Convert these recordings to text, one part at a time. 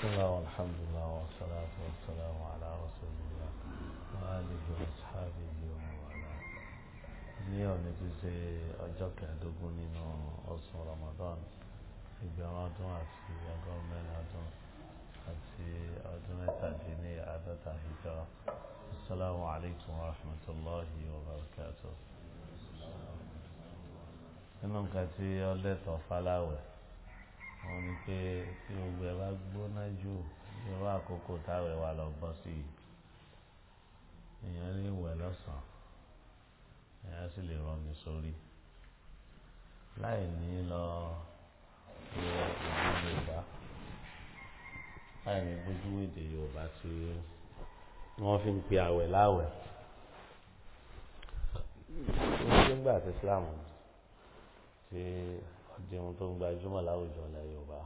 بسم الله والحمد لله والصلاة والسلام على رسول الله وآله وأصحابه وعلى والاه اليوم نجزي أجاك دوبوني نو أصل رمضان في بيانات واتسي يقول من أدون أتسي أدون تجيني عادة هجرة السلام عليكم ورحمة الله وبركاته إنهم قتي يولي توفى لاوه wọn ni pé tí gbogbo ẹ bá gbóná jù irú àkókò táwọn ẹwà lọ bọ́ sí i èèyàn lè wẹ̀ lọ́sàn-án èèyàn sì lè rọmi sórí láì ní lọ wọ ìlú yorùbá láì ní gbójú èdè yorùbá tí wọ́n fi ń pe àwẹ̀ láwẹ̀ nígbà tí islam ti jẹun tó ń gbajúmọ̀ láwùjọ ilẹ̀ Yorùbá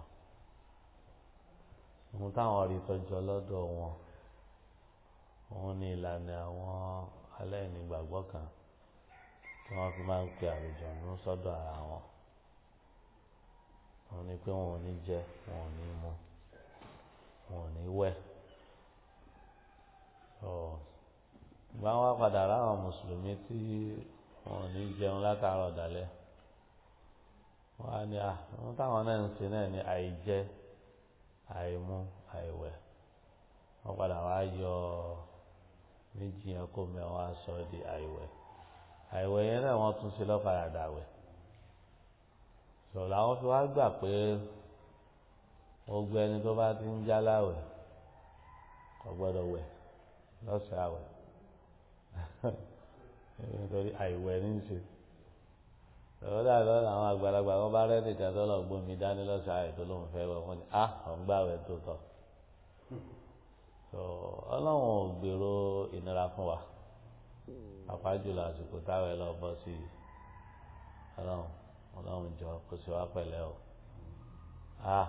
ohun táwọn ọ̀rí tọjọ lọ́dọ̀ wọn òun ni ìlànà àwọn aláìnígbàgbọ́ kan tí wọ́n fi máa ń pe àlùjọ ní sọ́dọ̀ ara wọn òun ni pé wọn ò ní jẹ wọn ò ní mu wọn ò ní wẹ̀ ìgbà wọn padà ráwọn mùsùlùmí tí wọn ò ní jẹun látàárọ̀ dálẹ́ wọn á ní àwọn táwọn náà ń ṣe náà ní àìjẹ àìmu àìwẹ̀ wọn padà wá yọ méjì yẹn kó mi àwọn aṣọ di àìwẹ̀ àìwẹ̀ yẹn náà wọn tún ṣe lọ́kàrà dàwẹ̀ sọ̀rọ̀ làwọn fi wá gbà pé gbogbo ẹni tó bá ti ń jáláwẹ̀ kò gbọ́dọ̀ wẹ̀ lọ́sẹ̀ àwẹ̀ nítorí àìwẹ̀ ní í ṣe ó dàbí ọ̀nà àwọn àgbàlagbà wọn bá rẹ́ nìkan tó lọ gbómi dání lọ́sàn-án àìtó lóun fẹ́ wọ wọn ni a ah, ọ̀ ń gbà wẹ̀ tó tọ̀ ọlọ́run ò gbèrò ìnira fún wa àpájùlọ àsìkò táwọn ẹ lọ bọ́ sí i ọlọ́run ọlọ́run jọ kò sí wa pẹ̀lẹ́ o a ah,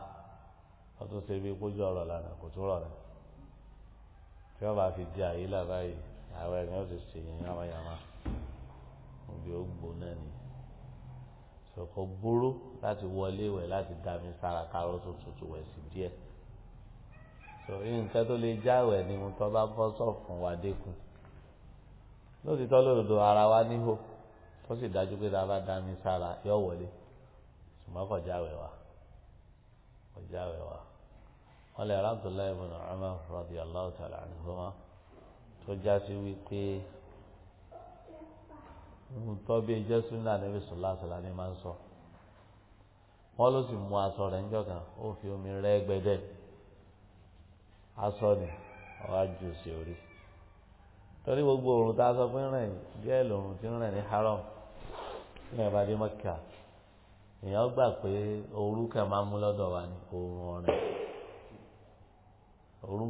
wọ́n tún ṣe bí kójú ọ̀rọ̀ lànà kò tún rọ̀ rẹ̀ tí wọ́n bá fi di àyè làbáyé àwọn ẹ̀yìn ó ti ṣèyàn yàmáyàmá òbí ó gbó náà nìyẹn sọ̀kò burú láti wọlé wẹ̀ láti dami sára káró tó tutù wẹ̀ sí díẹ̀ sọ̀rí nǹkan tó lè jáwẹ̀ ni mo tọ́ bá bọ́ sọ̀fún wa dẹ́kun lóòtítọ́ lòdòdò ara wa níhò tó sì dájú pé tá a bá dami sára yọ wọlé ṣùgbọ́n kò jáwẹ̀ wa kò jáwẹ̀ wa wọ́n lè rántó láì mọ̀nà ọmọ rọ̀bì aláwọ̀ tààlà àdúgbò wọn tó já sí wípé. ń bí jẹ́ súnà níbi sọ̀làsọ̀là ni máa ń sọ wọ́n ló sì mú aṣọ kan ó fi omi rẹ́ aṣọ ni ọ̀rá ju sí orí torí gbogbo òrùn tá a sọ pé ń rìn díẹ̀ lòrùn ti ń rìn ní haram ní ẹ̀bá dé mọ́kà èèyàn gbà pé kan máa ń mú lọ́dọ̀ wa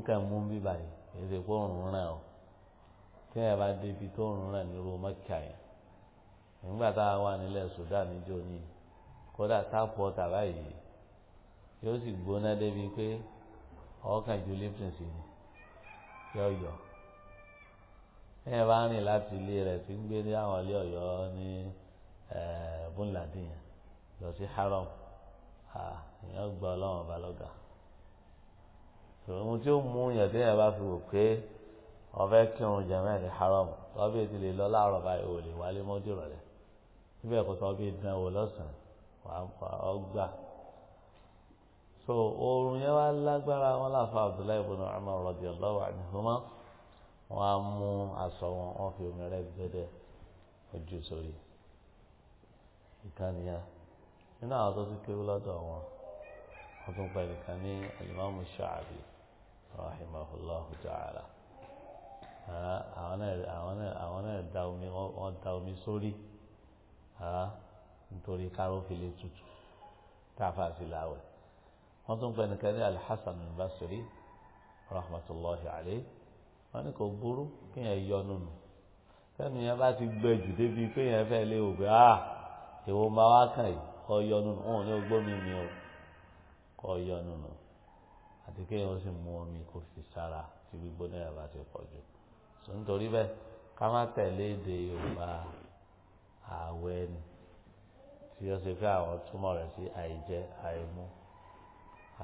kan mú èyí pé o tí ẹ̀bá tó rìn ní irú mọ́kà nígbà tá a wà nílẹ̀ Sudan níjó ní kódà táàpù ọ̀tà báyìí yóò sì gbóná débi pé ọkàn ju Lipton sí ni yọ yọ ẹ bá rìn láti ilé rẹ̀ tí ń gbé ní àwọn ilé Ọ̀yọ́ ní búnládì yẹn lọ sí haram èèyàn gba Ọlọ́run ọba lọ́gà ohun tí ó mú yàn tí yàn bá fi wò pé ọ̀fẹ́ kírun jẹmẹ haram lọbẹ ti lè lọ láàárọ̀ báyìí ò lè wálé mọ́jú rọ̀lẹ́ síbẹ̀ kò sọ bí ìdán wò lọ́sàn-án wàá pa ọgbà so oorun yẹn wá lágbára wọn láfa Abdullahi ibn Umar radiyallahu anhuma wọn á mú aṣọ wọn wọn fi omi rẹ gbẹdẹ ojú sórí ìkànnìyà nínú àwọn tó ti kéwú lọ́dọ̀ wọn wọn tún pa ẹnìkan ní alimami Sha'bi rahimahullahu ta'ala àwọn náà da omi sórí nítorí káró fi lè tutù táàfà sí láwẹ̀ wọ́n tún pẹ́ nìkan ní alhassan basiri rahmatulahi alayhi wọ́n ní kò burú kí yẹn yọnu nù sẹ́nu yẹn bá ti gbẹ jù débi pé yẹn fẹ́ lé òbí a ah, èwo máa wá kàn yìí kọ́ yọnu nù òun ní ogbómi mi o kọ́ yọnu nù àti kéèyàn ó sì mú omi kó fi sára tí gbígbóná yẹn ti pọ̀ jù sọ nítorí bẹ́ẹ̀ ká má tẹ̀lé èdè Yorùbá ààwẹ̀ ni tí ó ṣe pé àwọn túmọ̀ rẹ̀ sí àìjẹ àìmú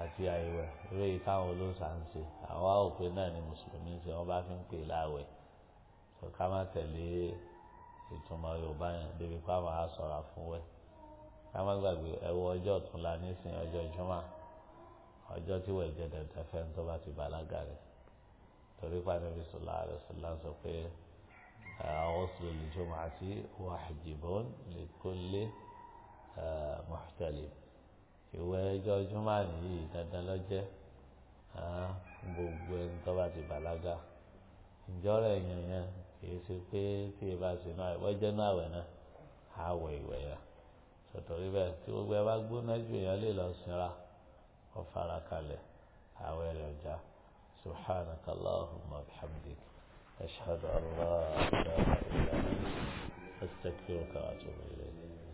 àti àìwẹ̀ eré yìí káwọn olóòṣà ń ṣe àwọn àwòpé náà ni mùsùlùmí ṣe wọ́n bá fi ń pè láàwẹ̀ sọ ká má tẹ̀lé ìtumọ̀ yorùbá yẹn débi pé àwọn á sọ̀rọ̀ fún wẹ̀ ká má gbàgbé ẹwọ ọjọ́ ọ̀túnla nísìnyí ọjọ́ jùmọ̀ ọjọ́ tí wọ́n jẹ dandan fẹ́ tó bá ti bàlágà rẹ̀ torí pàdé bisùlá rẹ̀ sọ̀lá sọ pé. غسل الجمعة واحد لكل محتلم ìwẹ̀ ọjọ́ jùmọ̀ nìyí dandan lọ́jẹ́ gbogbo ẹni tó bá ti bàlágà ìjọ́rọ̀ ẹ̀yìn yẹn kìí ṣe pé tí ì bá ṣe náà wọ́n jẹ́ náà àwẹ̀ náà àwẹ̀ ìwẹ̀ yẹn sọ̀tọ̀rí bẹ́ẹ̀ tí gbogbo ẹ bá gbóná jù èèyàn lè lọ sinra ọ̀fara àwẹ̀ rẹ̀ ọjà subhanakallahumma wa bihamdik. لا شاد مل رہے